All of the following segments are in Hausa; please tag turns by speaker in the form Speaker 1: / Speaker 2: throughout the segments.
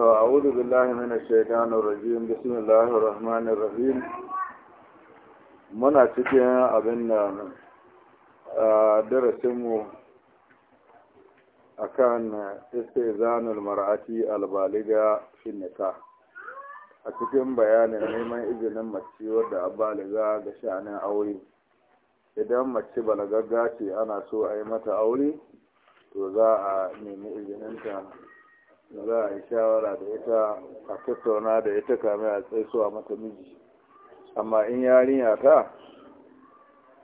Speaker 1: a بالله من الشيطان الرجيم بسم الله الرحمن muna cikin abin da darasinmu a kan istizanul mar'ati albaliga fi nika a cikin bayanin neman izinin mace wadda abaliga ga sha'anin aure idan mace balagagga ce ana so a yi mata aure to za a nemi izininta da za a yi shawara da ita a tattauna da ita kame a tsaisuwa mata miji amma in yarinya ta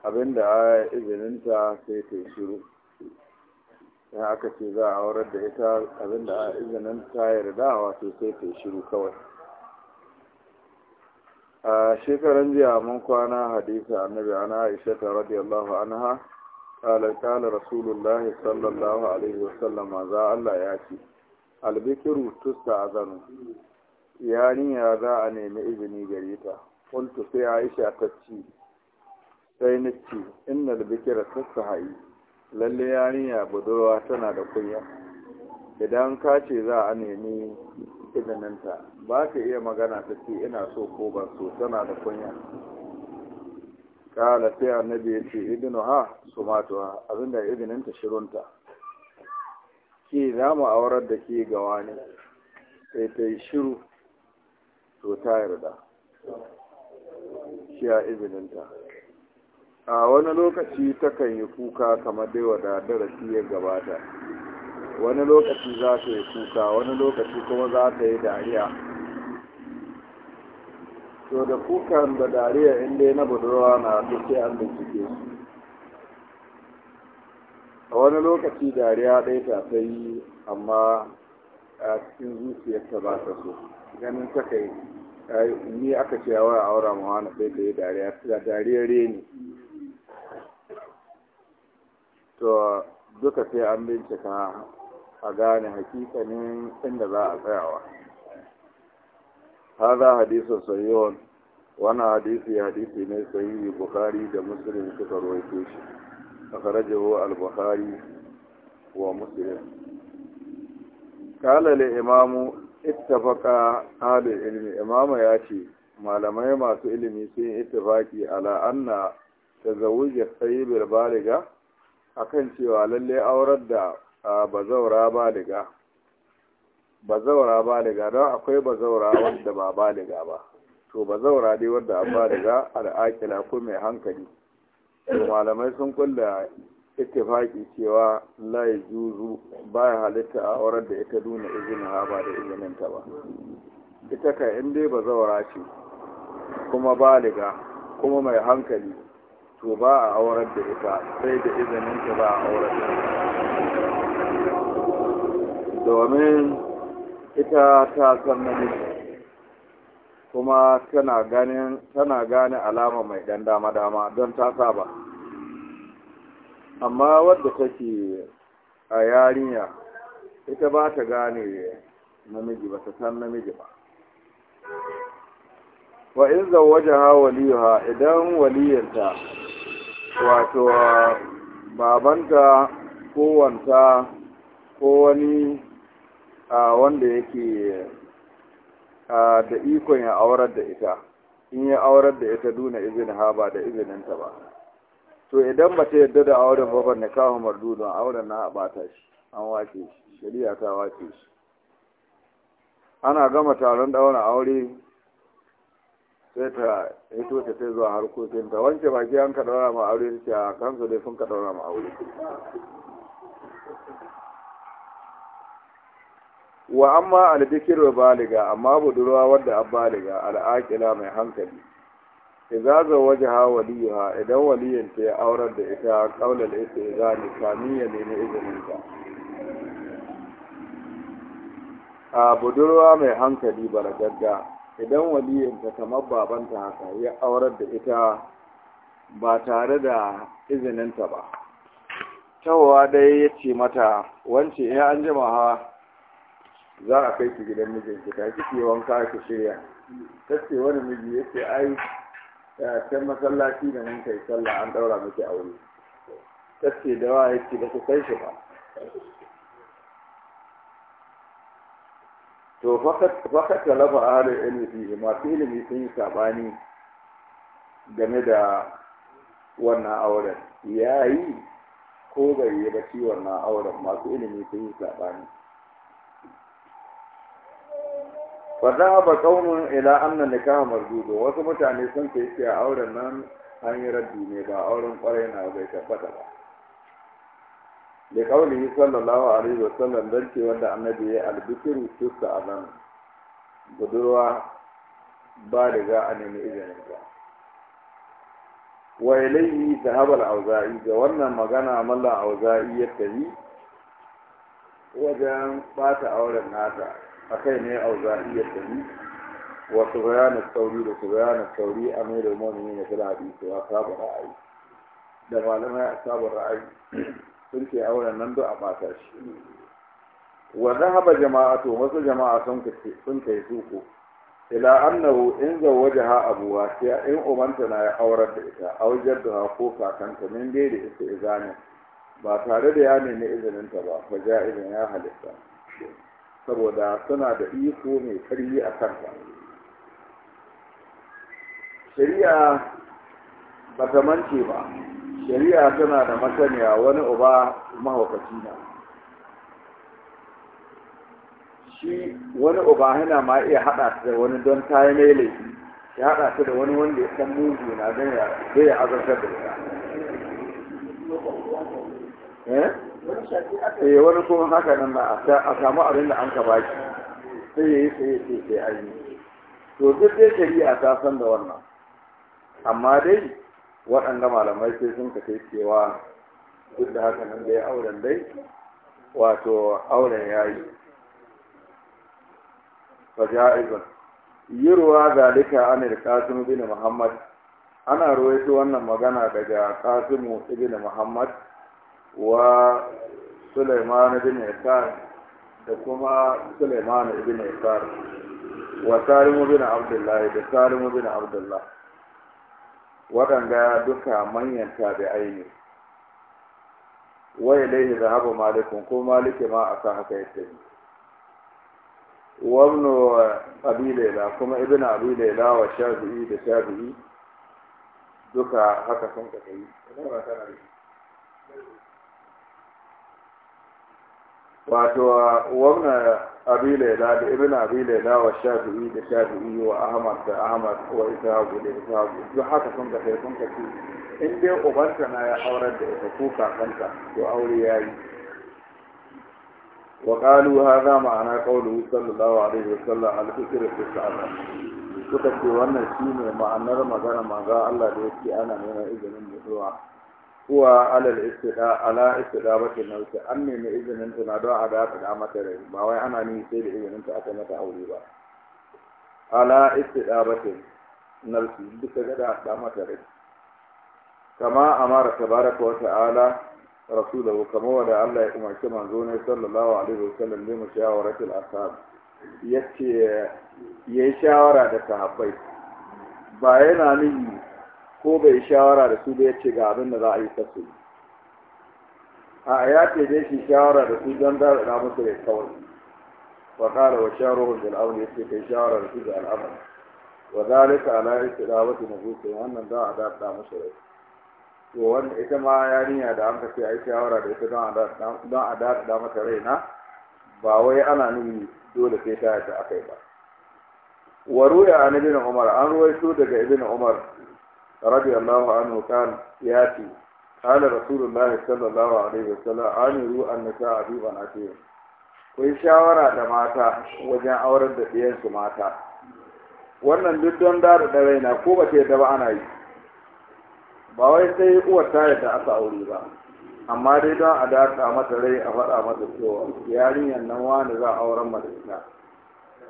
Speaker 1: abinda a izininta sai ta yi shiru in aka ce za a horar da ita abinda a izinin ta yarda wato sai ta yi shiru kawai a shekaran jiya mun kwana hadisa annabi ana aisha ta radiyallahu anha قال قال رسول الله صلى الله عليه وسلم Allah الله ياتي albikiru tusta azanu yarinya za a nemi izini gare ta qultu sai aisha ta ci sai na ci albikira tusta tastahi lalle yarinya budurwa tana da kunya idan ka ce za a nemi izininta ba ka iya magana ta ce ina so ko ban so tana da kunya kala sai annabi ya ce idinu ha su matuwa abinda izininta shirunta ke za mu aurar da ke ga wani sai ta yi shiru to ta yarda shi a izininta a wani lokaci takan yi kuka kamar dai dadara shi ya gabata wani lokaci za ta yi kuka wani lokaci kuma za ta yi dariya to da kukan da dariya inda na budurwa na duk sai an bincike a wani lokaci dariya ɗaya ta sayi, amma a cikin zuciyarta ba ta so ganin ta kai ni aka ce yawa a aura ma wani sai ta yi dariya da reni to duka sai an bincika a gane hakikanin inda za a tsayawa هذا حديث صحيح وانا حديثي حديثي من صحيح البخاري ومسلم كتر ويتوشي أخرجه البخاري ومسلم قال الإمام اتفق أهل العلم إمام ياشي malamai masu ilimi sun yi ittifaki على أن تزوج sayyib baliga akan cewa lalle aurar da bazaura baliga bazaura baliga don akwai bazaura wanda ba baliga ba to bazaura dai wanda ba baliga al'akila ko mai hankali malamai sun kulla ittifaki cewa la zuzu juzu baya halitta a aurar da ita duna izini ha ba da izininta ba ita ka in dai ba zaura ce kuma baliga kuma mai hankali to ba a aurar da ita sai da izininta ba a aurar da ita domin ita ta san namiji kuma tana ganin tana gane alama mai dan dama dama don ta saba amma wanda take a yarinya ita ba ta gane namiji ba ta san namiji ba wa in zawajaha waliha idan waliyinta wato babanta kowanta ko wani wanda yake da ikon ya aurar da ita in ya aurar da ita duna izinin ha ba da izininta ba to idan ba ta yadda da auren ba ban nikahu mardudun auren na bata shi an wace shi shari'a ta wace shi ana gama taron daura aure sai ta hito ta sai zuwa harkokinta wanke baki an ka daura ma aure ta kansu dai sun ka daura ma aure wa amma albikir baliga amma budurwa wadda an al-aqila mai hankali idza zawajaha waliyuha idan waliyin ta ya aurar da ita qaulal istizani kamiyya ne ne izinin ta a budurwa mai hankali baragagga idan waliyin ta kamar babanta haka ya aurar da ita ba tare da izinin ta ba tawa dai ya ce mata wance in an jima ha za a kai ki gidan mijinki ta kike wanka ki shirya ta wani miji ya ai ta masallaci da mun kai sallah an daura miki aure ta da wa ya ba ku kai shi ba to fakat talaba ala ilmi masu ilimi sun yi sabani game da wannan auren yayi ko bai yi ba ciwon na auren masu ilimi sun yi sabani fa dhahaba qaumun ila anna nikah mardud wasu mutane sun ce ce auren nan hanyar yi ne ba auren kwarai na bai tabbata ba da kauli sallallahu alaihi wa sallam dan ce wanda annabi ya albikiru tusta azan budurwa ba riga a nemi izinin ka wa ilayhi zahabal auza'i ga wannan magana malla auza'i ya tafi wajen bata auren nata akai ne auza'i ya ni wa subayan sauri da su subayan sauri a mai da mu'mini ne fil hadisi wa sabu ra'ayi da malamai a sabu ra'ayi sun ce auren nan duk a bata shi wa zahaba jama'atu wasu jama'a sun kace sun kai suko ila annahu in zawwajaha abu sai in umanta na ya aurar da ita aujar da ko kakanta min dai da ita izani ba tare da ya nemi izininta ba fa ja'izin ya halitta saboda suna da iko mai karfi a kanta shari'a ba ta mance ba shari'a tana da masaniya wani uba mahaukaci na shi wani uba yana ma iya haɗa da wani don ta mai laifi ya haɗa ta da wani wanda ya san mugu na zai ya azartar da ita eh? eh wani kuma haka nan na a samu abin da an ka baki sai ya yi sai ya sai an yi to duk dai shari'a ta san da wannan amma dai waɗanda malamai sai sun ka sai cewa duk da haka nan dai auren dai wato auren ya yi yi ruwa zalika an al kasimu bin muhammad ana ruwaito wannan magana daga kasimu ibn muhammad wa Suleimanu ibn Isar da kuma Sulaiman ibn Isar wa Salim ibn Abdullah da Salim ibn Abdullah waɗanda duka manyan tabi ne wa ilaihi zahaba malikun ko maliki ma aka haka yake wa ibn wa Abilela kuma ibn Abilela wa shafi'i da shafi'i duka haka sun kafa yi wato uh, wannan abilaila da ibn abilaila wa shafi'i da shafi'i wa ahmad da ahmad wa ishaqu da ishaqu duk haka sun ka sai sun ka ci in dai ubanta na ya aurar da ita ko kakanta to aure yayi wa qalu hadha ma'ana qawluhu sallallahu alaihi wa sallam al-fikru fi sa'ala suka ce wannan shine ma'anar magana manzo Allah da yake ana neman izinin mutuwa kuwa alal istida ala istida bata nauki an nemi izinin ta na don a da ta mata rai ba wai ana ni sai da izinin ta aka mata aure ba ala istida bata nauki duka gada da ta mata rai kama amara tabaraka wa ta'ala rasulahu kama wada Allah ya umarci manzo ne sallallahu alaihi wasallam da mushawaratul ashab yace yayi shawara da sahabbai ba yana nuni ko bai shawara da su da ya ce ga abin da za a yi kasu a ya ce dai shi shawara da su don da na musu da kawai wa kala wa shawarar da al'amur ya ce kai shawara da su da al'amur wa zalika ala istidawati nufusi wannan za a da musu da to wannan ita ma yarinya da an ce ai shawara da ita don a da mata rai na ba wai ana nuni dole sai ta a akai ba wa ruya an ibn umar an ruwaito daga ibn umar رضي الله عنه كان ياتي قال رسول الله صلى الله عليه وسلم عامروا النساء ببناتهم kun shawara da mata wajen auren da ɗiyansu mata wannan duk don da da raina ko ba ta da ba ana yi ba wai sai uwar ta yadda aka aure ba amma dai don a daka mata rai a faɗa mata cewa yarinyar nan wani za a auren mata ita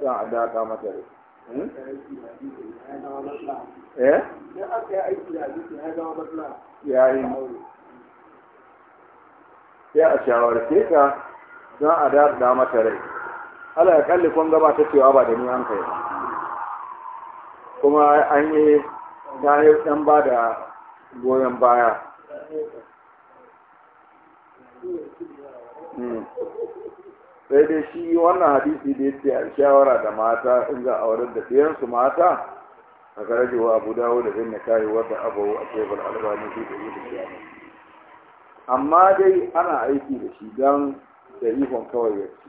Speaker 1: don a daka mata rai
Speaker 2: Hmm? Eh? ya yayi
Speaker 1: a shawarce ka don a da mata rai ala kalli kun gaba ta cewa ba da ni an kai kuma an yi ta yi dan ba da goyon baya hmm. sai dai shi wannan hadisi da yake a shawara da mata in za a aurar da ɗiyansu mata a wa abu dawo da bin nikahi abu a kebul albani shi da yi amma dai ana aiki da shi don da ihon kawai ci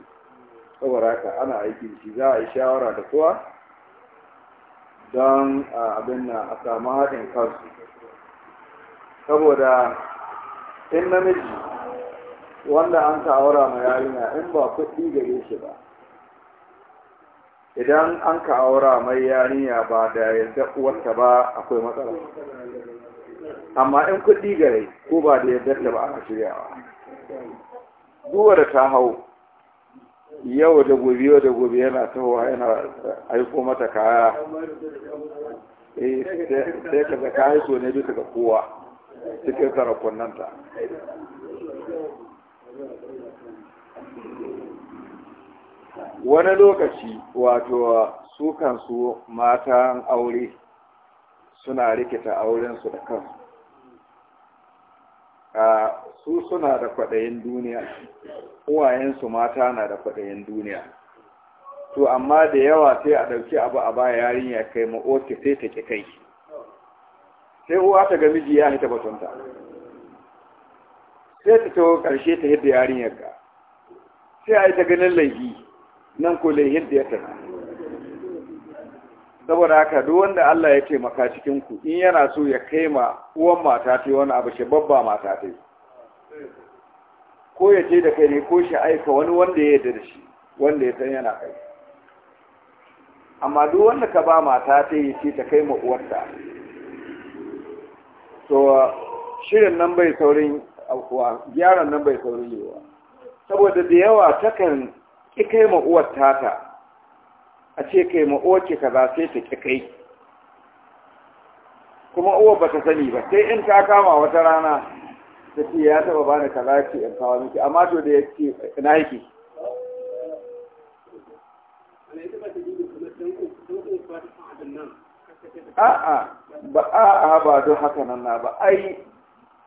Speaker 1: saboda haka ana aiki da shi za a yi shawara da kowa don abin na a samu haɗin kansu saboda in namiji wanda an ka aura ma yarinya in ba kuɗi gare shi ba idan an ka aura mai yarinya ba da yadda uwarta ba akwai matsala amma in kuɗi gare ko ba da yadda ta ba aka shiryawa duwa da ta hau yau da gobe yau da gobe yana tahowa yana aiko mata kaya
Speaker 3: eh, sai ka zaka aiko ne
Speaker 1: duka ga kowa cikin sarakunanta wani lokaci wato su kansu matan aure suna rikita aurensu da kansu a su suna da kwaɗayin duniya uwayensu mata na da kwaɗayin duniya to amma da yawa sai a ɗauki abu a baya yarinya kai ma'oki sai ta ƙi kai sai uwa ta ga miji ya hita batunta sai ta taho ƙarshe ta hidda yarinyar ka sai a yi ta ganin laifi nan ko laifin da ya tana saboda haka duk wanda Allah ya taimaka cikin ku in yana so ya kai ma uwan mata ta wani abu shi babba mata ta ko ya ce da kai ne ko shi aika wani wanda ya yarda da shi wanda ya san yana kai amma duk wanda ka ba mata ta yi ce ta kai ma uwarta to shirin nan bai saurin aukuwa gyaran nan bai saurin ba saboda da yawa takan ƙi kai ma uwar tata a ce kai ma uwar ki kaza sai ta ƙi kai kuma uwar ba ta sani ba sai in ta kama wata rana ta ce ya taɓa bani kaza ce in kawo miki amma to da ya ce yake
Speaker 2: a'a ba
Speaker 1: a'a ba don haka nan na ba ai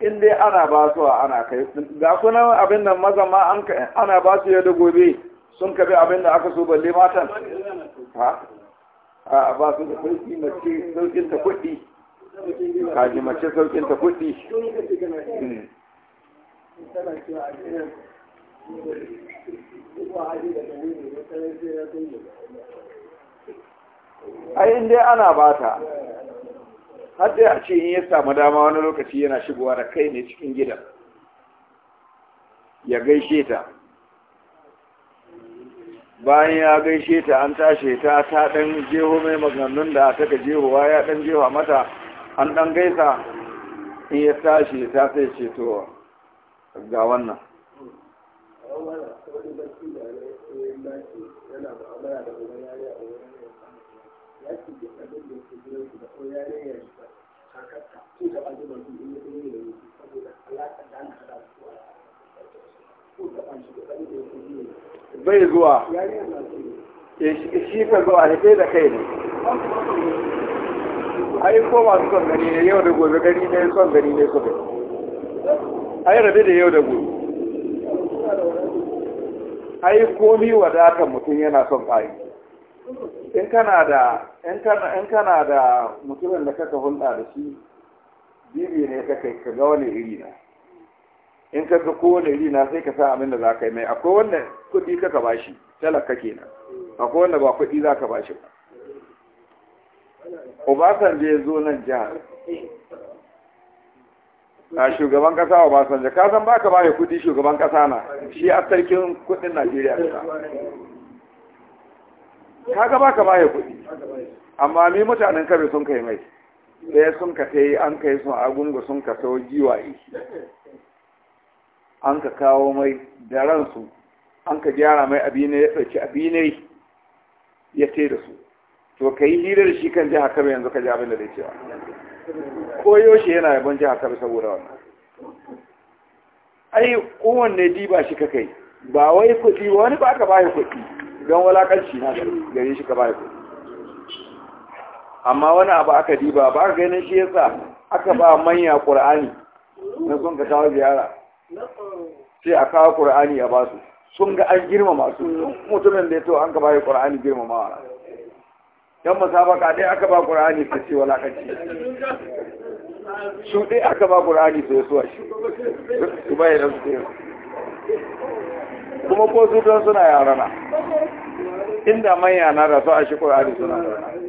Speaker 1: in dai ana ba su ana kai ga kuna abin nan maza ma ana ba su yadda gobe sun kabe abin da aka so balle matan ha a ba su da sauki mace saukin ta kuɗi
Speaker 2: kaji mace saukin ta kuɗi hmm. ai in dai ana ba ta
Speaker 1: har dai a ce in ya samu dama wani lokaci yana shigowa da kai ne cikin gida ya gaishe ta bayan ya gaishe ta an tashe ta ta ɗan jeho mai maganganun da ta jehowa ya ɗan jehowa mata an ɗan gaisa in ya tashe ta sai ce to ga wannan
Speaker 2: Yeah, bai zuwa
Speaker 1: ya shi ka zuwa da kai da kai ne ai ko masu son gani ne yau da gobe gani ne son gani ne suka ai rabe da yau da gobe ai komi wadatar mutum yana son ƙari in kana da mutumin da kaka hulɗa da shi bibi ne ka kai ka ga wani iri na in ka ga kowane iri na sai ka sa abin da za ka yi mai akwai wanda kuɗi ka ka bashi talaka kenan akwai wanda ba kuɗi za ka bashi ba Obasanjo ya zo nan jihar na shugaban kasa Obasanjo ka san baka ba kuɗi shugaban kasa na shi a sarkin kuɗin Najeriya ka ga baka ba kuɗi amma ni mutanen kare sun kai mai sai sun ka ta yi an kai sun agungu sun ka sau giwaye an ka kawo mai da ransu an ka gyara mai abinai ya ɗauki abinai ya ce da su to ka yi hira da shi kan jiha kabe yanzu ka ji abin da zai cewa ko yaushe yana yabon jiha kabe saboda wannan ai kowanne diba shi ka kai ba wai kuɗi wani ba ka bayan kuɗi don walakanci na gare shi ka bayan kuɗi amma wani abu aka diba ba a ganin shi yasa aka ba manya qur'ani na sun ka kawo ziyara sai a kawo qur'ani a basu sun ga an girmama su mutumin da ya to an ka bayi qur'ani girmamawa dan musabaka dai aka ba qur'ani ka ce wala kace su dai aka ba qur'ani sai su shi su bai da su
Speaker 3: kuma ko su don suna yarana inda
Speaker 1: manya na rasu a shi qur'ani suna yarana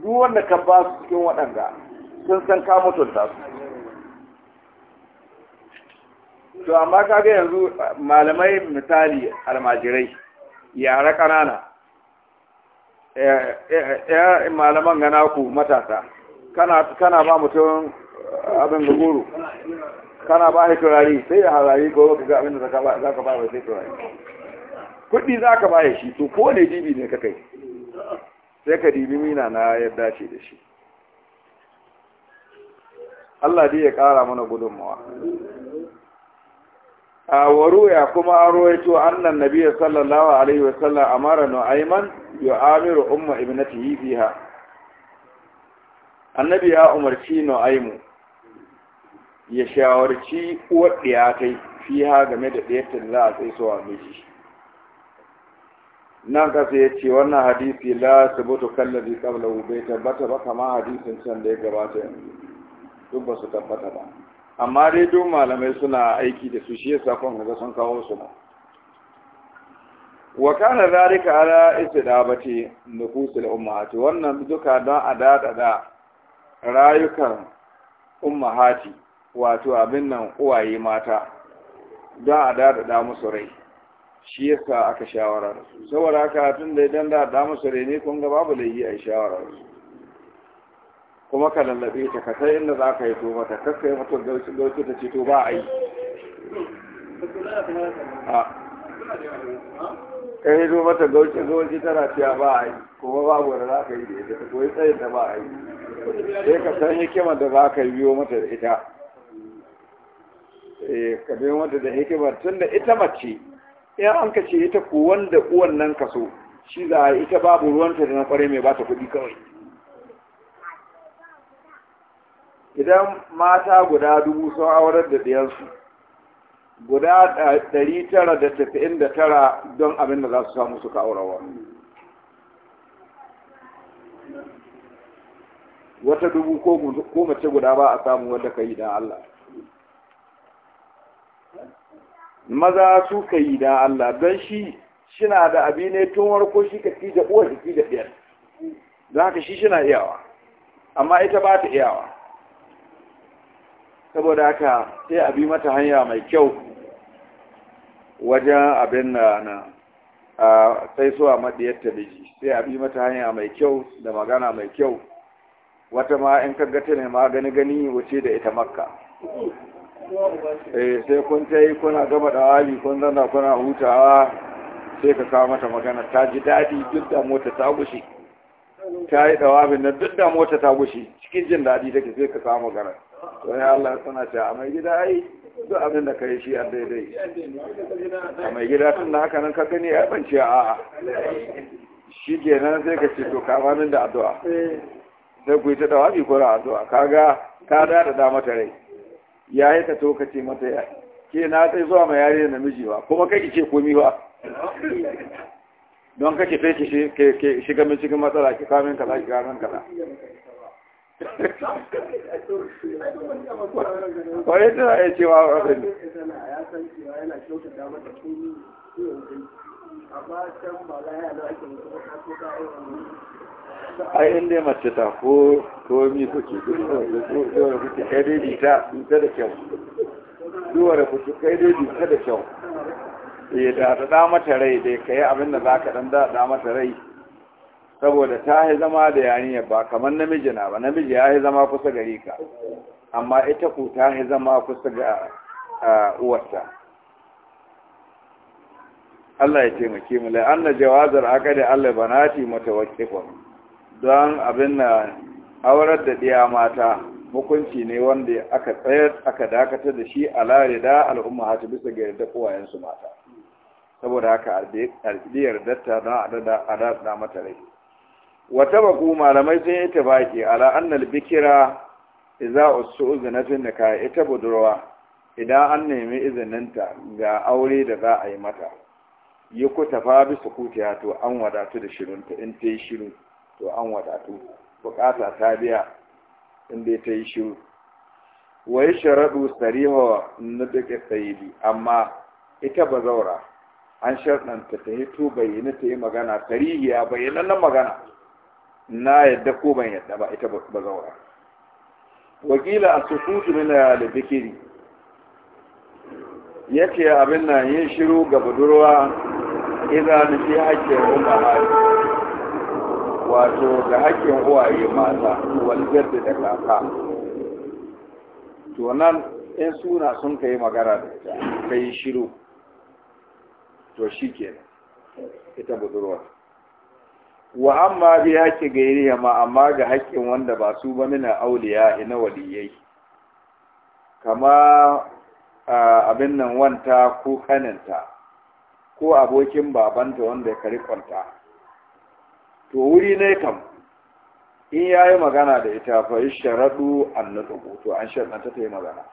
Speaker 1: duk wanda ka ba su cikin waɗanda sun san ka mutunta su to amma ka ga yanzu malamai misali almajirai yara ƙanana ya eh, eh, eh, malaman gana ku matasa kana ba mutum abin da goro kana ba shi turari sai ya harari ko ka ga abin da za ka ba mai sai turari kuɗi za ka ba shi to ko ne dibi ne ka kai sai ka dibi mina na ya dace da shi Allah dai ya ƙara mana gudunmawa a ya kuma an royato annan nabiya sallallahu alaihi wasallam amara ya amiru umma ibnatihi fiha annabi ya umarci aymu ya shawarci uwar ya kai fiha game da ɗiyarta da za a miji nan kasa ya ce wannan hadisi la sabutu kallabi kabla bai tabbata ba kama hadisin can da ya gabata yanzu duk ba su tabbata ba amma dai duk malamai suna aiki da su shi yasa kun ga sun kawo su ba wa kana zalika ala istidabati nufusil ummahati wannan duka don a dadada rayukan ummahati wato abin nan uwaye mata don a dadada musu rai shi yasa aka shawara saboda haka tun da idan da da musu rene kun ga babu laifi a shawara su kuma ka lallabe ta ka sai inda za ka yi to mata kakka yi mata gauci gauci ta ce to ba a yi ka yi to mata gauci gauci tana cewa ba a yi kuma babu da za ka yi da ita ta koyi tsayin da ba a yi sai ka san hikimar da za ka biyo mata da ita eh, ka biyo mata da hikimar tun da ita mace ya an ka ce ita ko wanda uwan nan kaso shi za a ita babu ruwanta da na kware mai bata kuɗi kawai idan mata guda dubu sun aurar da ɗiyansu guda ɗari tara da tafi'in da tara don abin da za su samu suka aurawa wata dubu ko mace guda ba a samu wanda ka yi da Allah maza su ka yi da Allah don shi shina da abi ne tun warko shi ka fi da uwa fi da biyar. don haka shi shina iyawa amma ita ba ta iyawa saboda haka sai abi mata hanya mai kyau wajen abin na na a sai so a maɗiyar ta biji sai abi mata hanya mai kyau da magana mai kyau wata ma in kaggata ne ma gani gani wuce da ita makka eh sai kun ta yi kuna gaba da wali kun zanna kuna hutawa sai ka kawo mata magana ta ji daɗi duk da mota ta gushe ta yi dawabin na duk da mota ta gushe cikin jin daɗi take sai ka kawo magana wani Allah suna ce a mai gida ai duk abin da ka yi shi a daidai
Speaker 2: a mai gida tun da
Speaker 1: haka nan ka gani ya bance a a shi kenan sai ka ce to kama min da addu'a eh. sai ku yi ta dawabi ko da addu'a kaga ka da da mata rai ya yi ka to ka ce mata ya ke na tsaye zuwa ma yare da namiji ba kuma kai ki ce komi ba don kake sai ki shiga mai cikin matsala ki kamin kaza ki kamin kaza
Speaker 2: kwaye tana iya cewa rabin amma can ba za a yi alaƙin kuma
Speaker 1: ai in dai mace ta ko komi kuke duwar kuke kai dai bita ta da kyau duwar kuke kai dai bita da kyau eh da ta da mata rai dai kai abin da zaka dan da da mata rai saboda ta yi zama da yarinya ba kamar namiji na ba namiji ya yi zama kusa gari ka amma ita ku ta yi zama kusa ga uwarta Allah ya taimake mu la'anna jawazar akada Allah banati mutawaqqifun don abin na aurar da ɗiya mata hukunci ne wanda aka tsayar aka dakatar da shi a da al'umma hatu bisa ga yarda kowayensu mata saboda haka alƙidiyar datta don a daɗa mata rai wata baku malamai sun yi baki ala annal bikira iza usu uzinafin nika ita budurwa idan an nemi izininta ga aure da za a yi mata yi ku tafa bisa kutiya to an wadatu da shirinta in ta yi shiru to an wadatu bukata ta biya inda ta yi shiru wai sharaɗu sariho na duka sayidi amma ita ba zaura an sharɗan ta hito bayyana ta yi magana sarihiya na magana na yadda ko ban yadda ba ita ba zaura wakila a sukutu mina da zikiri yake abin nan yin shiru ga budurwa idan shi hakkin umar wato ga hakkin uwaye mata waljar da kaka to nan in suna sun kai magana da kai shiru to shi kenan ita budurwa wa amma bi haƙƙi gairi ma amma ga hakkin wanda ba su ba mina auliya ina waliyai kama abin nan wanta ko kaninta ko abokin babanta wanda ya rikonta. to wuri ne kam in ya yi magana da ita fa yi sharaɗu an na to an sharɗanta ta yi magana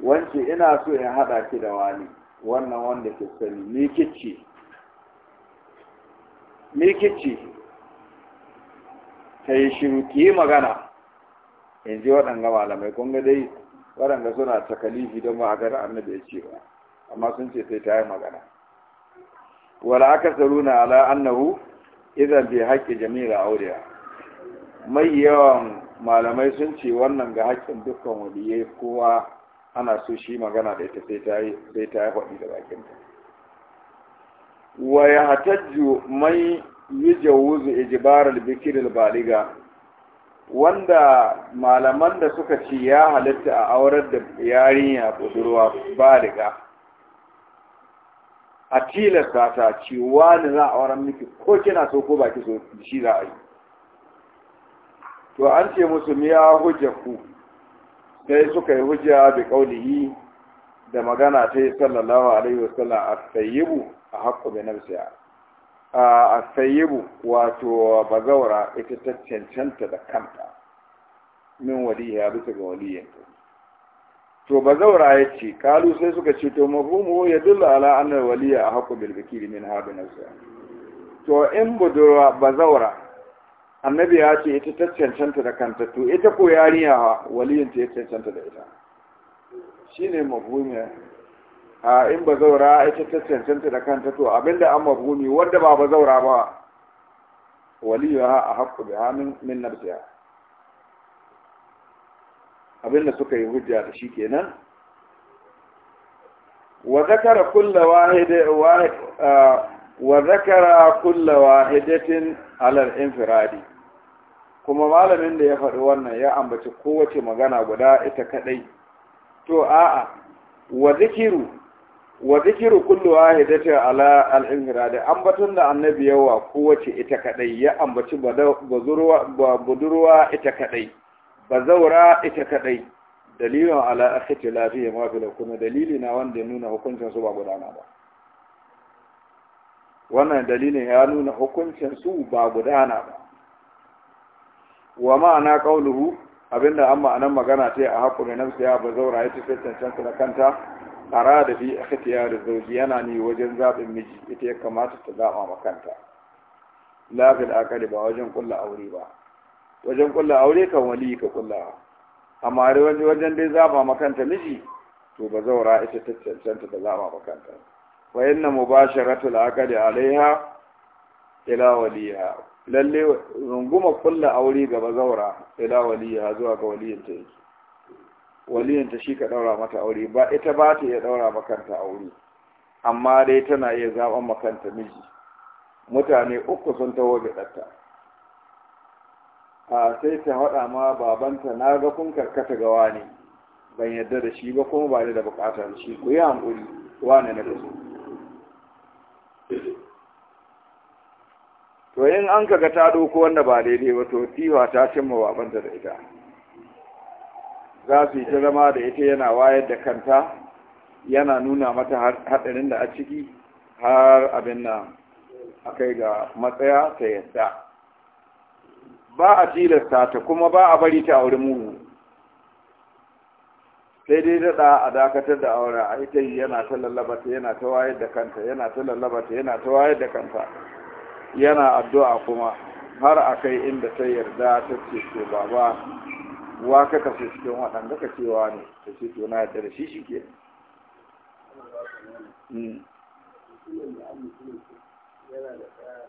Speaker 1: wance ina so in haɗa ki da wani wannan wanda ke sani ni kicci ni kici ta yi shiru ki magana in ji waɗanga malamai kun ga dai waɗanga suna takalifi don ba a gara annabi ya ce ba amma sun ce sai ta yi magana wala akasaruna ala annahu idan bi haƙƙi jami'a aureya mai yawan malamai sun ce wannan ga haƙƙin dukkan waliyai kowa ana so shi magana da ita sai ta yi faɗi da bakinta ta waya hatajju mai yi jawuzu ijibarar bikirin baliga wanda malaman da suka ce ya halitta a aurar da yarinya budurwa baliga a tilasta ta ce wani za a auren miki ko kina so ko baki so shi za a yi to an ce musu miya hujja ku sai suka yi hujja da qaulihi da magana ta sallallahu alaihi wasallam a sayyibu a haƙƙo bi nafsi a sayyibu wato bazaura ita ta cancanta da kanta min waliya bisa ga waliyanta to ba zaura ya ce kalu sai suka ce to mafhumu ya dula ala anna waliya a haƙo bil wakili min habi nafsa to in budurwa ba zaura annabi ya ce ita ta cancanta da kanta to ita ko yarinya waliyin ta ya cancanta da ita shine mafhumi a in ba zaura ita ta cancanta da kanta to abinda an mafhumi wanda ba ba zaura ba waliya a haƙo bi min nafsiya abinda suka yi hujja da shi kenan wa zakara kulla wahida wa zakara kulla wahidatin alal infiradi kuma malamin da ya faɗi wannan ya ambaci kowace magana guda ita kadai to a'a wa zikiru wa zikiru kullu wahidatin ala al infiradi ambatun da annabi yawa kowace ita kadai ya ambaci budurwa ita kadai ba zaura ita kadai dalilin ala akhiti lafiya ma fi kuma dalili na wanda ya nuna hukuncin su ba gudana ba wannan dalilin ya nuna hukuncin su ba gudana ba wa ma'ana qauluhu abinda an ma'anan magana ta a haƙuri na ya ba zaura ya ci cancanci da kanta tara da fi ikhtiyar zauji yana ni wajen zaɓin miji ita ya kamata ta zaɓa ma kanta la fil aqali ba wajen kulla aure ba wajen kulla aure kan wali ka kullawa amma wani wajen dai zaba makanta miji to ba zaura ita ta cancanta da zaba makanta wa yanna mubasharatul aqdi alaiha ila waliha lalle runguma kulla aure ga bazaura ila waliha zuwa ga waliyinta yake waliyinta shi ka daura mata aure ba ita ba ta iya daura makanta aure amma dai tana iya zaban makanta miji mutane uku sun taho da ɗanta a sai ta haɗa ma babanta na ga kun karkata ga wani ban yadda da shi ba kuma ba ni da bukata da shi ku yi hankuri wani na gaso to yin an kaga ta doko wanda ba daidai ba to tiwa ta cimma babanta da ita za su yi ta zama da ita yana wayar da kanta yana nuna mata haɗarin da a ciki har abin nan a kai ga matsaya ta yadda ba a tilasta ta kuma ba a bari ta aure mu. sai dai daɗa a dakatar da aure a ita yana ta lallabata yana ta wayar da kanta yana ta lallabata yana ta wayar da kanta yana addu'a kuma har a kai inda ta yarda ta ce to baba wa ka kaso cikin waɗanda ka cewa ne ta ce to na yarda da shi shi ke yana hmm.
Speaker 2: da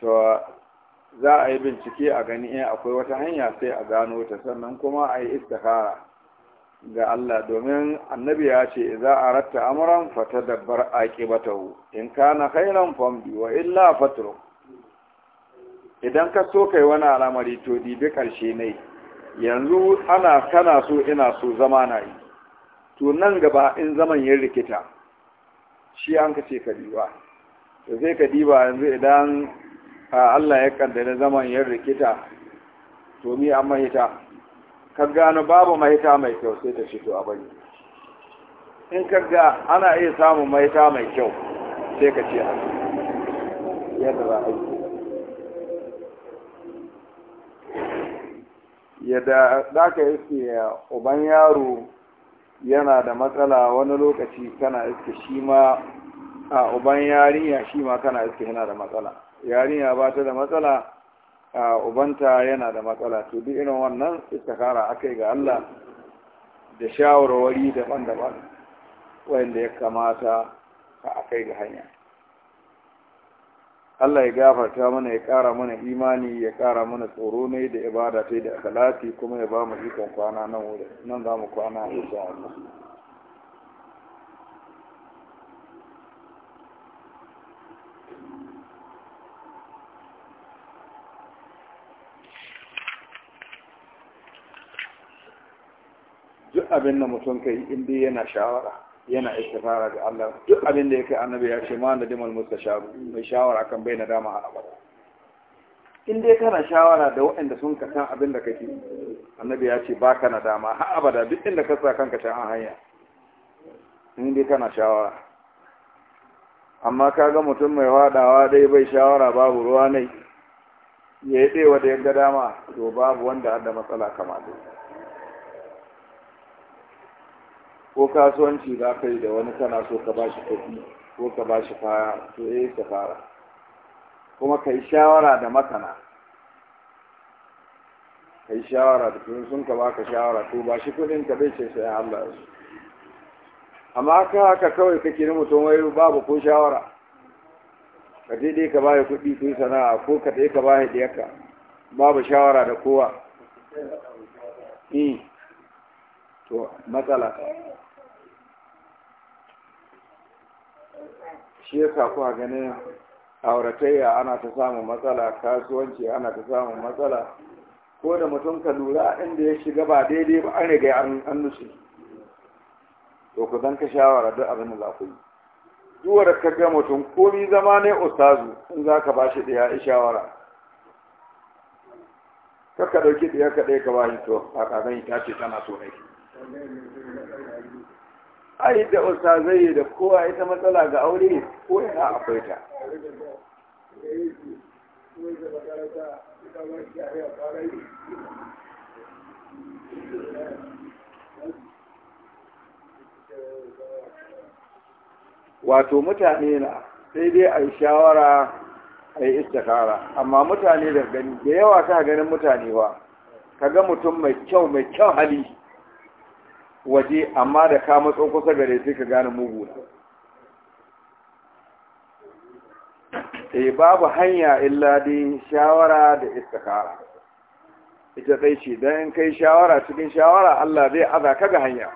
Speaker 1: to za a yi bincike a gani in eh, akwai wata hanya sai a gano ta sannan kuma a yi istikhara ga Allah domin annabi ya ce za a ratta amuran fata dabbar aƙibatahu in kana khairan famdi wa illa fatru idan ka so kai wani al'amari to dibi ƙarshe ne yanzu ana kana so ina so zama na yi to nan gaba in zaman ya rikita shi an ka ce ka diba to sai ka diba yanzu idan Allah ya kaddara zaman 'yan rikita to mi an mahita ka gano babu mahita mai kyau sai ta fito a bari in ka ga ana iya samun mahita mai kyau sai ka ce yadda za a yi yadda za ka iske uban yaro yana da matsala wani lokaci kana iske shi ma a uban yarinya shi ma kana iske yana da matsala yarinya ba ta da matsala a ubanta yana da matsala to duk irin wannan istikara akai ga Allah da shawarwari daban-daban wanda ya kamata ka akai ga hanya Allah ya gafarta mana ya kara mana imani ya kara mana tsoro ne da ibada ta da akhlaki kuma ya ba mu ikon kwana nan wurin nan za mu kwana insha Allah abin da mutum kai in dai yana shawara yana istifara ga Allah duk abin da yake annabi ya ce ma da dimal mustasharu mai shawara kan bai nadama a abada in dai kana shawara da waɗanda sun ka san abin da kake annabi ya ce ba ka nadama har abada duk inda ka sa kanka can an hanya in dai kana shawara amma ka ga mutum mai wadawa dai bai shawara babu ruwa ne ya yi tsewa da yadda dama to babu wanda adda matsala kamar dai ko kasuwanci za ka yi da wani kana so ka bashi kuɗi ko ka bashi fara to eh ka fara kuma ka yi shawara da makana ka yi shawara da tun sun ka baka shawara to ba shi kuɗin ka bai ce sai Allah ya amma ka haka kawai kake ni mutum wai babu ko shawara ka je dai ka baya kuɗi ko sana'a ko ka dai ka da yaka babu shawara da kowa eh. to matsala shi yasa kuwa ganin auratayya ana ta samun matsala kasuwanci ana ta samun matsala ko da mutum ka lura inda ya shiga ba daidai ba an riga an nushi to ku zan ka shawara duk abin da za ku yi duwar ka ga mutum komi zama ne ustazu in za ka ba shi ɗaya ya shawara kakka ɗauki ɗaya ka ka ba shi to a ƙazan ita ce tana so ne ai da ustazai da kowa ita matsala ga aure ko yana akwai ta wato mutane na sai dai a shawara a yi istikara amma mutane da gani da yawa ta ganin mutane ba ka ga mutum mai kyau mai kyau hali waje amma da ka matso kusa gare sai ka gane mugu eh babu hanya illa din shawara da istikara ita dai ce dan in kai shawara cikin shawara Allah zai aza ka ga hanya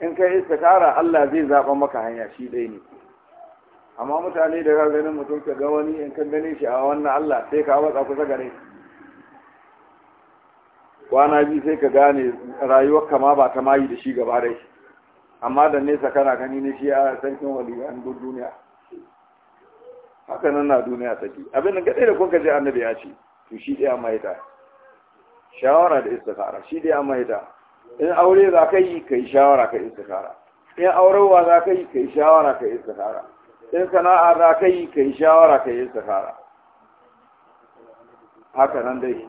Speaker 1: in kai istikara Allah zai zaba maka hanya shi dai ne amma mutane da ga ganin mutum ka ga wani in ka gane shi a wannan Allah sai ka watsa kusa gare shi kwana biyu sai ka gane rayuwar kama ba ta mayi da shi gaba dai amma da nesa kana gani ne shi a sarkin waliyan duk duniya haka nan na duniya take abin da gaɗe da kuka ji annabi ya ce to shi ɗaya amma ita shawara da istikara shi ɗaya amma ita in aure za ka yi yi shawara ka istikara in aurewa za ka yi yi shawara ka istikara in sana'a za ka yi yi shawara ka istikara haka nan dai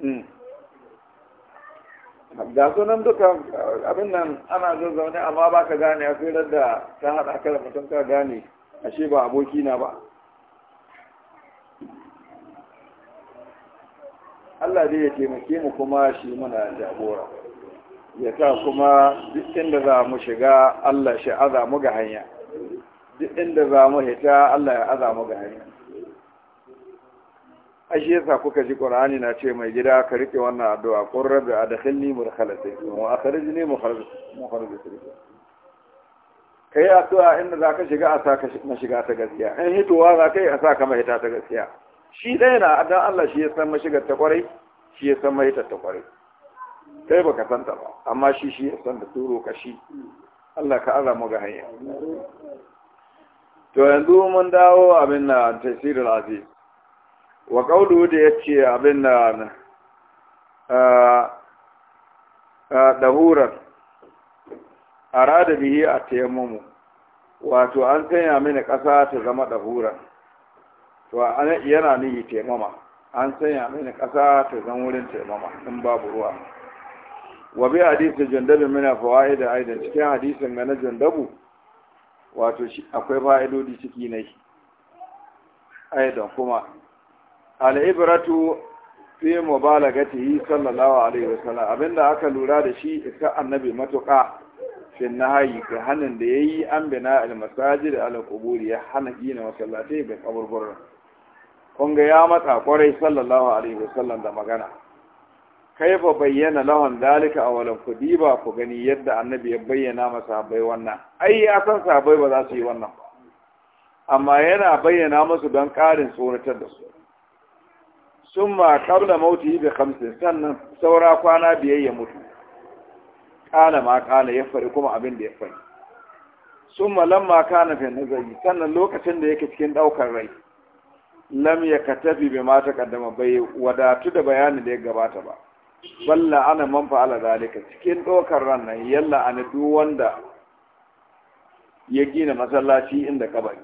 Speaker 1: hmm. Da sunan duka abin nan ana zo zaune amma ba ka gane a firar da ta haɗa kada mutum ka gane ashe ba aboki na ba Allah dai ya taimake mu kuma shi muna jagora ya ta kuma duk inda za mu shiga Allah shi aza mu ga hanya duk inda za mu hita Allah ya aza mu ga hanya ashe yasa kuka ji qur'ani na ce mai gida ka rike wannan addu'a qur rabbi adkhilni mudkhalati wa akhrijni mukhrajatik kai addu'a inda zaka shiga a saka na shiga ta gaskiya in hitowa za ka yi a saka mahita ta gaskiya shi dai na adan Allah shi ya san mashiga ta kwarai shi ya san mahitar ta kwarai kai baka san ta ba amma shi shi ya san da turo ka shi Allah ka aza ga hanya to yanzu mun dawo abin na tafsirul aziz wa ƙaulu da ya ce abin da ɗahurar a rada bihi a taimamu wato an sanya mini ƙasa ta zama ɗahurar to yana nihi taimama an sanya mini ƙasa ta zama wurin taimama in babu ruwa wa bi hadisi jandabin mina da aidan cikin hadisin ga na jandabu wato akwai fa'idodi ciki yi, aidan kuma al'ibratu fi mubalagatihi sallallahu alaihi wasallam abinda aka lura da shi isa annabi matuƙa fin nahayi ga hannun da yayi an bina al-masajid al-quburi ya hana gina masallatai bai kaburburan kun ga ya matsa kwarai sallallahu alaihi wasallam da magana kaifa bayyana lahon dalika a walan kudi ba ku gani yadda annabi ya bayyana masa bai wannan ai ya san sabai ba za su yi wannan ba amma yana bayyana musu don ƙarin tsoratar da su sun ma kabla mauti bi khamsi sannan saura kwana biyar ya mutu kana ma kana ya fari kuma abin da ya fari sun ma lamma kana fi nazari sannan lokacin da yake cikin daukar rai lam ya katabi bi ma kaddama bai wadatu da bayani da ya gabata ba balla ana man fa'ala zalika cikin daukar ran nan yalla ana duk wanda ya gina masallaci inda kabari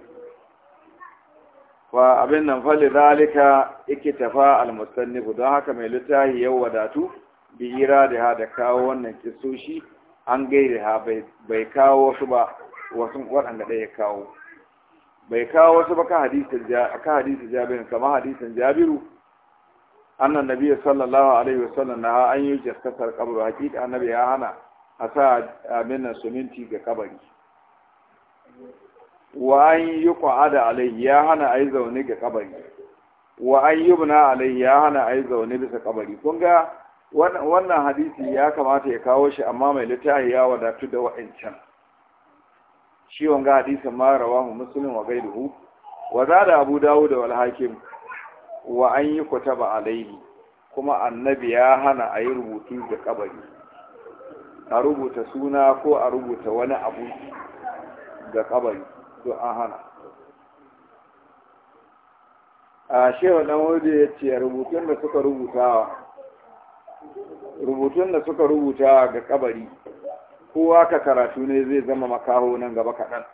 Speaker 1: fa abin nan fali zalika yake tafa almustannifu don haka mai littafi yau wadatu bi ira da ha da kawo wannan kisoshi an gaida ha bai kawo wasu ba wasu waɗanda ɗaya kawo bai kawo wasu ba ka hadisin jabiru kama hadisin jabiru annan nabi sallallahu alaihi wasallam na an yi jaskasar kabru hakika annabi ya hana a sa abin nan suminti ga kabari wa an yi ƙwa'ada alaihi ya hana a yi zaune ga kabari wa an yi buna alaihi ya hana a yi zaune bisa kabari kun ga wannan hadisi ya kamata ya kawo shi amma mai littafi ya wadatu da wa'ancan shi wanga hadisin ma mu muslim wa gairuhu wa da abu dawud wal hakim wa an yi kutaba alaihi kuma annabi ya hana a yi rubutu ga kabari a rubuta suna ko a rubuta wani abu ga kabari duk a shewa na wuri ya ce rubutun da suka rubuta rubutun da suka rubuta ga kabari kowa ka karatu ne zai zama makaho nan gaba kaɗan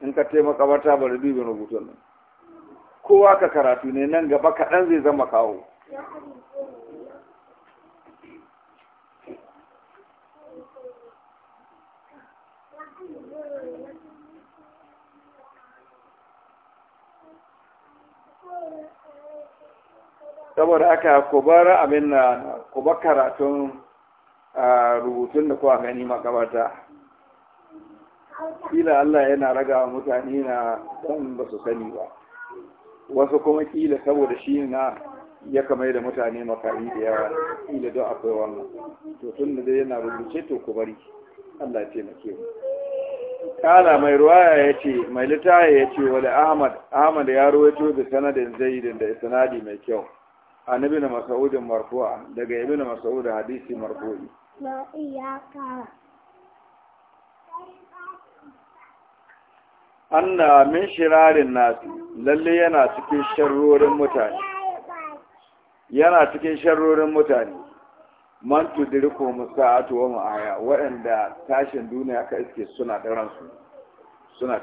Speaker 1: in ka taimaka wata bari dubin rubutun nan kowa ka karatu ne nan gaba kaɗan zai zama kawo saboda aka ku bar abin na ku bar karatun rubutun da kuwa gani magabata kila Allah yana raga mutane na don ba su sani ba wasu kuma kila saboda shi na ya kama da mutane makari da yawa kila don akwai wannan to tun da yana rubuce to ku bari Allah ce na mu kala mai ruwaya ya ce mai litaya ya ce wale ahmad ahmad ya ruwaito da sanadin zaidin da sanadi mai kyau an ibn mas'ud marfu'a daga ibn mas'ud hadisi marfu'i
Speaker 3: la iyaka
Speaker 1: anna min shirarin nasi lalle yana cikin sharrorin mutane yana cikin sharrorin mutane man tudriku musa'atu wa ma'aya waɗanda tashin duniya ka iske suna daren suna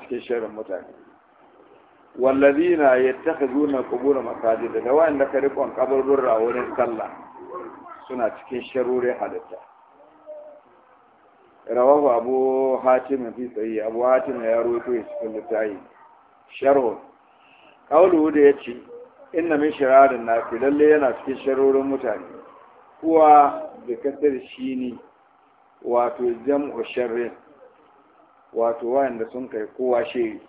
Speaker 1: wallazina yattakhizuna qubur masajid da wanda ka rikon kaburbura a wurin sallah suna cikin sharure halitta rawahu abu hatim fi sayyi abu hatim ya rawaito shi cikin littafi sharh qawluhu da yace inna min shirarin nafi lalle yana cikin sharurin mutane kuwa da kasar shi ne wato jam'u sharrin wato wayanda sun kai kowa shiri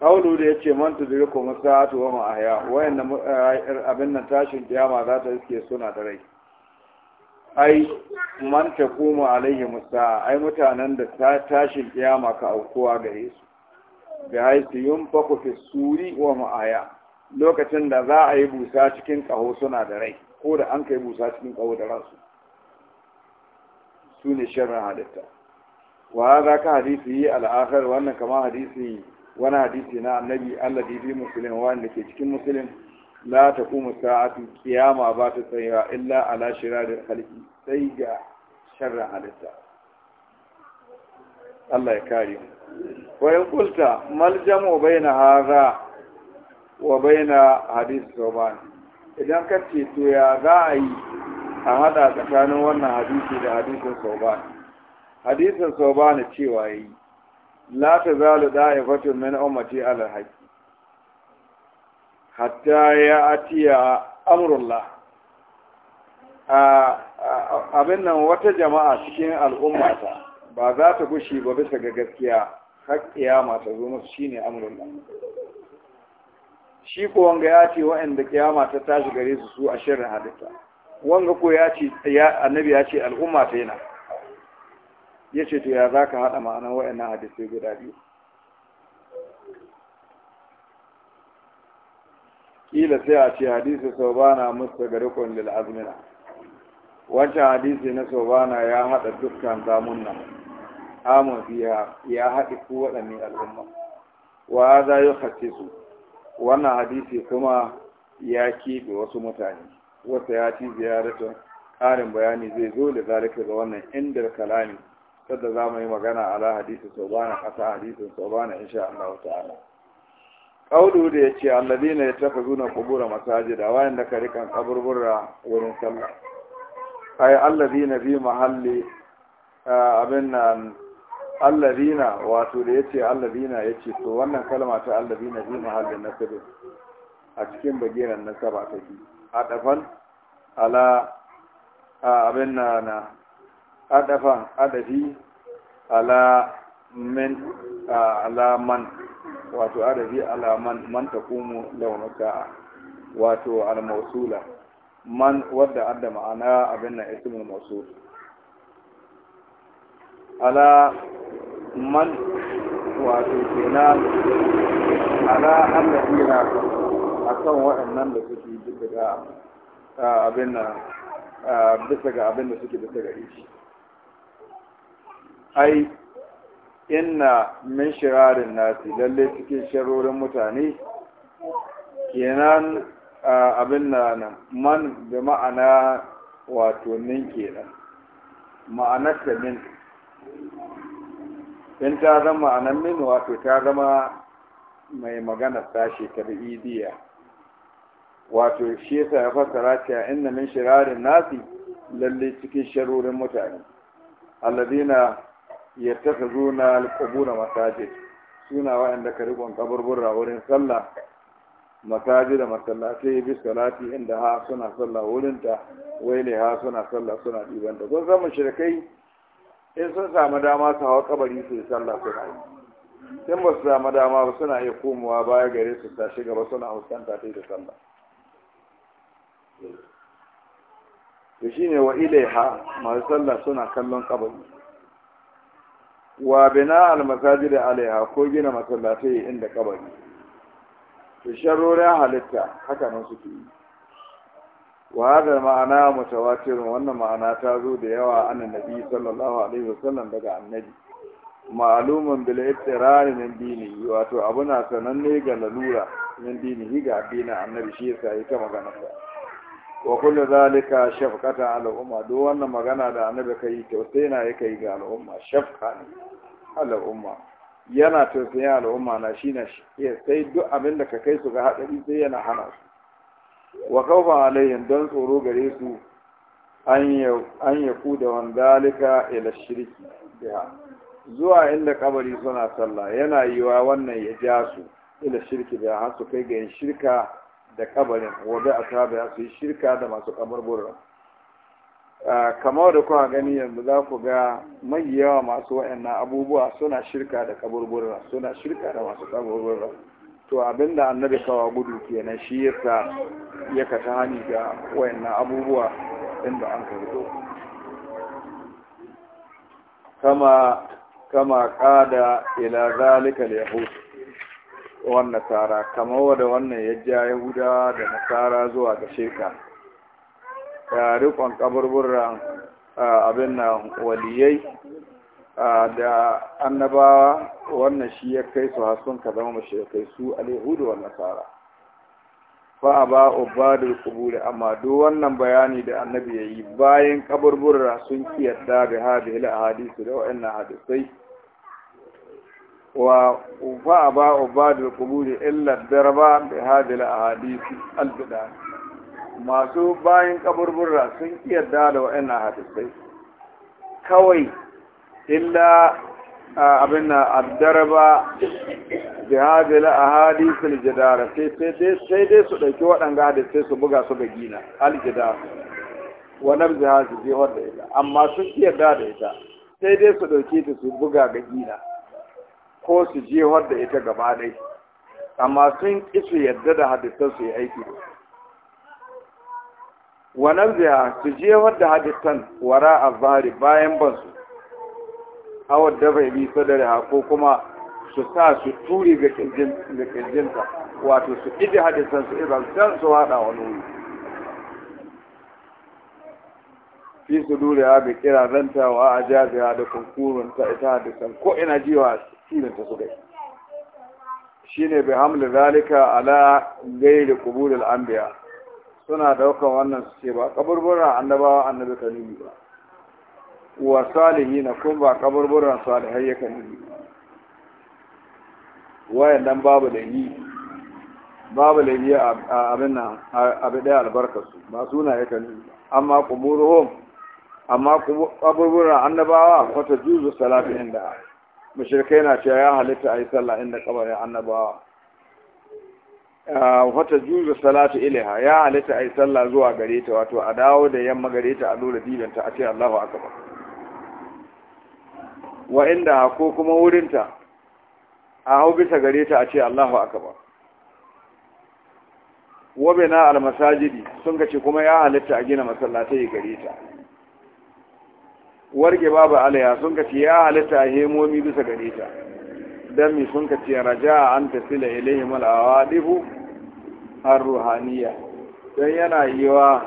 Speaker 1: kaulu da ya ce man tudiri ko Sa'atu wa wayan na eh, abin nan tashin kiyama za ta iske suna da rai ai man ta kuma alaihi musa ai mutanen da tashin kiyama ka aukuwa gare su da haisu yun fako fi suri wa ma'ahya lokacin da za a yi busa cikin kaho suna da rai ko da an kai busa cikin kaho da ransu su ne shirin halitta wa za ka hadisi al'akhir wannan kama hadisi wani hadisi na annabi alladhi bi muslim wanda ke cikin muslim la taqumu sa'atu kiyama ba ta tsaya illa ala da khalqi sai ga sharra halitta Allah ya kare mu wa in qulta mal jamu baina hadha wa baina hadis sauban idan ka ce to ya za a yi a hada tsakanin wannan hadisi da hadisin sauban hadisin sau ba ni cewa yi la ta zalu da'ifatun min ummati ala hatta ya atiya amrullah abin nan wata jama'a cikin al'ummata ba za ta gushi ba bisa ga gaskiya har kiyama ta zo musu shine amrullah shi ko wanga ya ce wa'anda kiyama ta tashi gare su su a shirin halitta wanga ko ya ce annabi ya ce al'umma ta yana ya ce to ya za ka haɗa ma'anar wa'annan hadisai guda biyu ƙila sai a ce hadisi na musta gari lil azmina wancan hadisi na na ya haɗa dukkan zamun nan amur biya ya haɗi ku waɗannan al'umma wa za yi su wannan hadisi kuma ya keɓe wasu mutane wata ya ci ziyarar ƙarin bayani zai zo da zalika ga wannan inda kalamin. sadda za mu yi magana ala hadisin sobana ƙasa hadisin sobana insha Allah ta'ala kaudu da ya ce alladina ya tafi zuna kubura masajida wayan da ka rikan kaburbura wurin sallah ai alladina bi mahalli abin nan alladina wato da ya ce alladina ya ce to wannan kalma ta alladina bi mahalli nasabi a cikin bagiran nasaba take a dafan ala abin na. adafa adafi ala min ala man wato adafi ala man man taqumu lahu sa'a wato al mawsula man wadda adda ma'ana abin nan ismul mawsul ala man wato kenan ala na akan waɗannan da suke bisa ga abin nan bisa ga abin da suke bisa ga shi ai inna min shirarin nasi lalle cikin sharorin mutane kenan abin na man da ma'ana wato nin kenan ma'anar da min in ta zama ma'anar min wato ta zama mai magana ta shekaru idiya wato shi yasa ya fassara cewa inna min shirarin nasi lalle cikin sharorin mutane allazina yarta ka zo na alƙubura masajid suna wa'anda ka riƙon kaburbura wurin sallah masajid da masallatai bi salati inda ha suna sallah wurinta waile ha suna sallah suna ɗiban ta kun san mushrikai in sun samu dama su hawa kabari su yi sallah suna
Speaker 3: yi
Speaker 1: in ba su samu dama ba suna iya komowa baya gare su shiga gaba suna huskanta ta da sallah to shine wa ilaiha masu sallah suna kallon kabari wa bina al-masajid alaiha ko gina masallatai inda kabari to sharorin halitta haka nan suke yi wa hada ma'ana mutawatir wannan ma'ana ta zo da yawa annabi sallallahu alaihi wasallam daga annabi ma'lumun bil ittirari min dini wato abuna sananne ga lalura min dini ga addinin annabi shi yasa yake magana sa wa kullu zalika shafqata ala umma duk wannan magana da annabi kai tausayi na yake yi ga al'umma shafqa ne ala umma yana tausayin al'umma na shi na sai duk abin da ka kai su ga hadari sai yana hana su wa kawfa alaihim don tsoro gare su an ya ku da dalika ila shirki biha zuwa inda kabari suna sallah yana yiwa wannan ya ja su ila shirki biha su kai ga yin shirka da kabarin wabe a tabiya ya yi shirka da masu kabarburra kamar da a gani yanzu za ku ga mai yawa masu wa'annan abubuwa suna shirka da kaburburra suna shirka da masu kaburburra to abinda annabi kawa gudu kenan shi yasa ya kasa hani ga wa'annan abubuwa inda an karbo kama kama kada ila zalika al-yahud wannan tsara kamar wadda wannan ya ja yahuda da nasara zuwa ga shirka ya rikon kaburburan abin na waliyai da annabawa wannan shi ya kai su hasun ka zama kai su alyahudu wa nasara fa a ba ubadul kuburi amma duk wannan bayani da annabi ya yi bayan kaburburan sun kiyarta da hadihil hadisu da wa'annan hadisai wa fa ba da quburi illa darba da hadhihi ahadith al bidah masu bayan kaburburra sun yarda da wa'annan hadisai kawai illa abin na addaraba bi hadhihi al ahadith al jidara sai dai sai dai su dauki waɗanga hadisai su buga su ga gina aljidara jidara wa nabzaha su je wanda ita amma sun yarda da ita sai dai su dauki ta su buga ga gina ko su jefar da ita gaba ɗai amma sun ƙi su yarda da hadisan su yi aiki da wannan biya su jefar da hadisan wara a zahari bayan ban su awar da bai bi sadari ko kuma su sa su turi ga ta, wato su iji hadisan su ibar can su haɗa wani wuri fi su dure ya bi kira zantawa a jajiya da kunkurunta ita hadisan ko ina jiwa su. tilin ta suka shi ne bai hamla zalika ala gairi kubulul anbiya suna daukan wannan su ce ba kaburburan annabawa annabi kanuni ba wa salihi na kun ba kaburburan salihai ya kanuni wayan nan babu da yi babu da yi a abin nan abu daya albarkarsu ba suna ya kanuni amma kuburuhum amma kaburburan annabawa kwata juzu salafi inda mushrikai na cewa ya halitta a yi sallah inda kabarin annabawa ah, wata juzu salatu ilaiha ya halitta a yi sallah zuwa gare ta wato a dawo da yamma gare ta a lura dibinta a ce Allahu akbar wa inda ko kuma wurinta a hau bisa gare ta a ce Allahu akbar wa bina al masajidi sun gace kuma ya halitta a gina masallatai gare ta warge babu alaya sun ka ya halitta hemomi bisa gare ta don mi sun ka ce raja an tasila ilaihim al'awadifu har ruhaniya don yana yiwa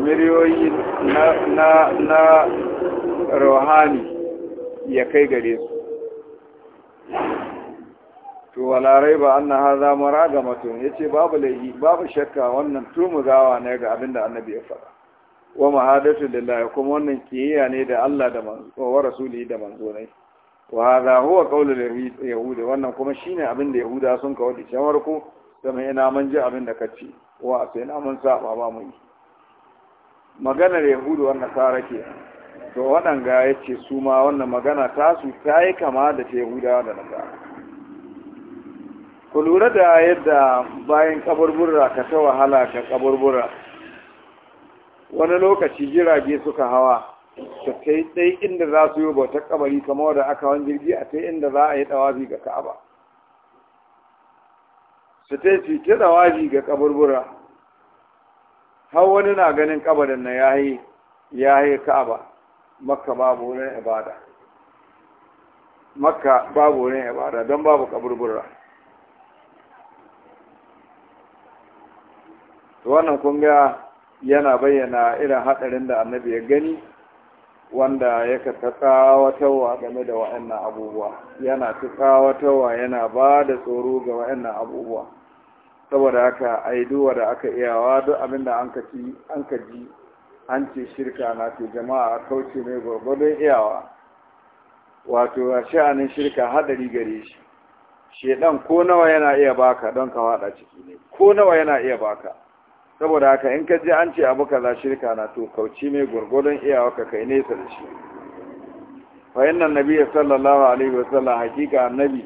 Speaker 1: miliyoyi na na ruhani ya kai gare su to walarai ba an na haza mara ga mato ya ce babu babu shakka wannan tumugawa ne ga abinda annabi ya faɗa wa da lillahi kuma wannan kiyaya ne da Allah da wa rasuli da manzo ne wa hadha huwa qawlul yahudi wannan kuma shine abin da yahuda sun ka wadi shawar ku mai ina man ji abin da kace wa sai na mun saba ba mu da yahudu wannan sara ke to waɗanga ya ce su ma wannan magana tasu ta yi kama da ta yahudawa da nasara ku lura da yadda bayan kaburbura ka ta wahala ka kaburbura wani lokaci jirage suka hawa su kai tsaye inda za su yi bautar kamari kamar da aka wani jirgi a kai inda za a yi dawabi ga ka'aba su ta yi ta dawabi ga kaburbura har wani na ganin kabarin na ya yi ya yi ka'aba makka babu wurin ibada makka babu wurin ibada don babu kaburbura wannan kun ga yana bayyana irin haɗarin da annabi ya gani wanda ya ta tsawatarwa game da wa'annan abubuwa yana ta tsawatarwa yana ba da tsoro ga wa'annan abubuwa saboda haka a da aka iyawa duk abin da an ka ji an ce shirka na ce jama'a a kauce mai gwargwadon iyawa wato a sha'anin shirka hadari gare shi shedan ko nawa yana iya baka don ka wada ciki ne ko nawa yana iya baka saboda haka in ka ji an ce abu kaza shirka na to kauci mai gurgurdon iyawa ka kai nesa da shi fa inna nabiyyi sallallahu alaihi wasallam hakika annabi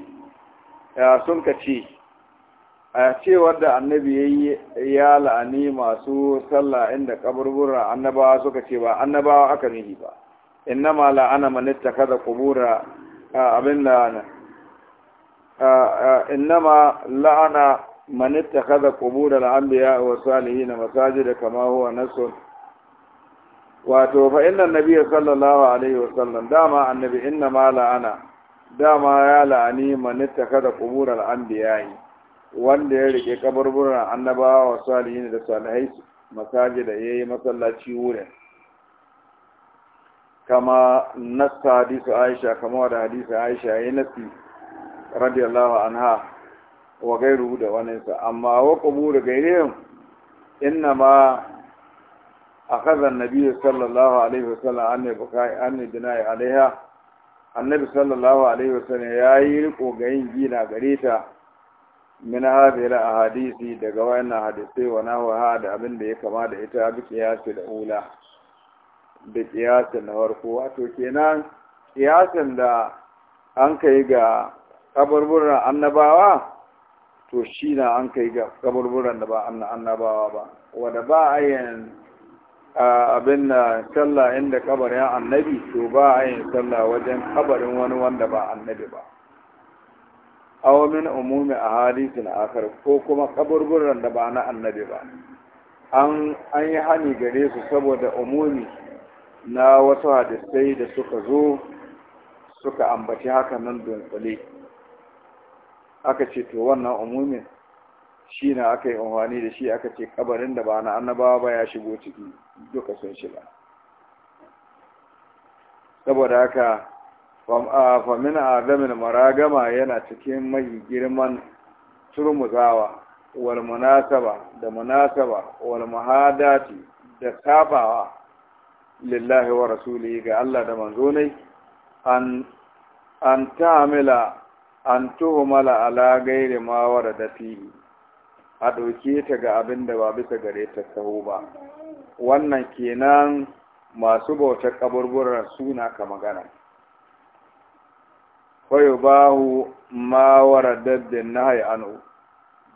Speaker 1: ya sun ka ce a cewar da annabi yayi ya la'ani masu sallah inda kaburbura annabawa suka ce ba annabawa aka nihi ba innama la'ana man ittakhadha qubura abin la'ana innama la'ana من اتخذ qubur الانبياء والصالحين wa كما هو نص huwa nasun wato صلى الله عليه وسلم alaihi النبي dama annabi inna ma la'ana dama ya la'ani الانبياء ittakhadha qubur wanda ya rike kaburburan annabawa wa salihin da salihai masajida yayi masallaci wurin kama nasta hadisu aisha kama da aisha yayi nasi radiyallahu anha wa gairu da waninsa amma wa da gairihim inna ma akhadha an-nabiy sallallahu alaihi wasallam anni bukai anni binai alaiha annabi sallallahu alaihi wasallam yayi riko ga yin gina gareta min hadhihi al-ahadisi daga wannan hadisi wa nawa da abin da ya kama da ita bi qiyasi da ula da qiyasin na farko wato kenan qiyasin da an kai ga kaburburan annabawa to shi na an kai ga kaburburan da ba annabawa ba wanda ba a yin abin da sallah inda kabarin annabi to ba a yin sallah wajen kabarin wani wanda ba annabi ba aw min umumi ahadithin akar ko kuma kaburburan da ba na annabi ba an yi hani gare su saboda umumi na wasu hadisai da suka zo suka ambaci haka nan dunkule aka ce to wannan umumin shi na aka yi amfani da shi aka ce kabarin da ba na annabawa ba ya shigo ciki duka sun shiga saboda haka famin azamin maragama yana cikin mai girman turmuzawa wal munasaba da munasaba wal muhadati da sabawa lillahi wa rasuli ga Allah da manzo ne an an amila an tuhumala ala gairi ma da fihi a ɗauke ta ga abin da ba bisa gare ta saho ba wannan kenan masu bautar kaburburan suna ka magana kwayo bahu ma waradaddin na hayanu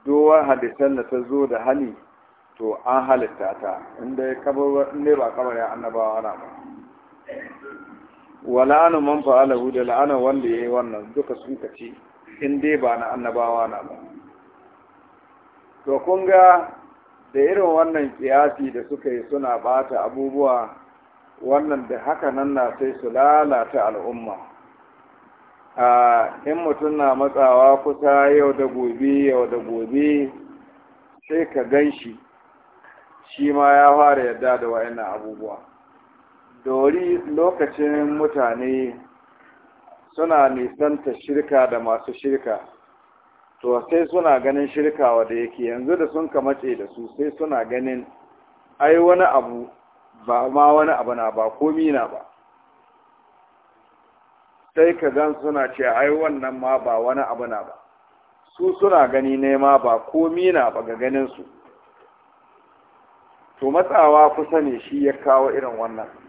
Speaker 1: dowar hadisan da ta zo da hali to an halitta ta inda ya ne ba kamar ya annabawa ana ba wa la'anu man fa'alahu da la'ana wanda yayi wannan duka sun kace in dai ba na annabawa na ba to kun ga da irin wannan kiyasi da suka yi suna bata abubuwa wannan da haka nan na sai su lalata al'umma a in mutum na matsawa kusa yau da gobe yau da gobe sai ka gan shi shi ma ya fara yadda da wa'annan abubuwa dori lokacin mutane suna nisanta shirka da masu shirka to sai suna ganin shirka wanda yake yanzu da sun kamace da su sai suna ganin ai wani abu ba ma wani abu na ba komi na ba sai ka gan suna ce ai wannan ma ba wani abu na ba su suna gani ne ma ba komi na ba ga ganin su to matsawa kusa ne shi ya kawo irin wannan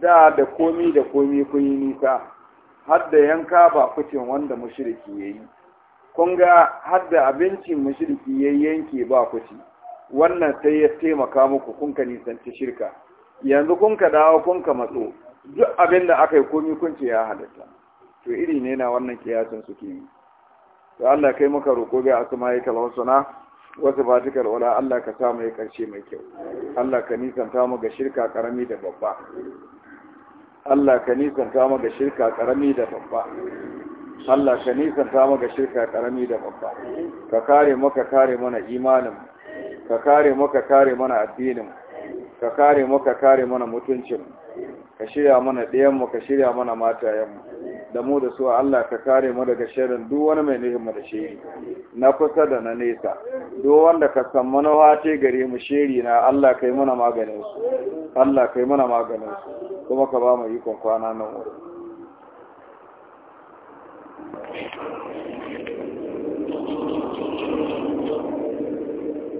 Speaker 1: da da komi da komi kun yi nisa har da yanka ba kucin wanda mushriki ya yi kun ga har da abincin mushriki ya yanke ba kuci wannan sai ya taimaka muku kun ka nisanci shirka yanzu kun ka dawo kun ka matso duk abin da aka yi komi kun ce ya halatta to iri ne na wannan kiyasin suke yi to Allah kai muka roƙo ga asma'ikal husna wasu ba duka Allah ka samu ya karshe mai kyau Allah ka nisanta mu ga shirka karami da babba Allah ka nisanta mu ga shirka karami da babba Allah ka nisanta mu ga shirka karami da babba ka kare mu ka kare mana imanin ka kare mu ka kare mana addinin mu ka kare mu ka kare mana mutuncin ka shirya mana ɗayanmu ka shirya mana matayenmu da mu da su Allah ka kare mu daga shirin duk wani mai nuhin da shiri na kusa da na nesa duk wanda ka san manowa gare mu shiri na Allah kai mana maganin su Allah kai mana maganin su kuma ka ba mu ikon kwana nan wuri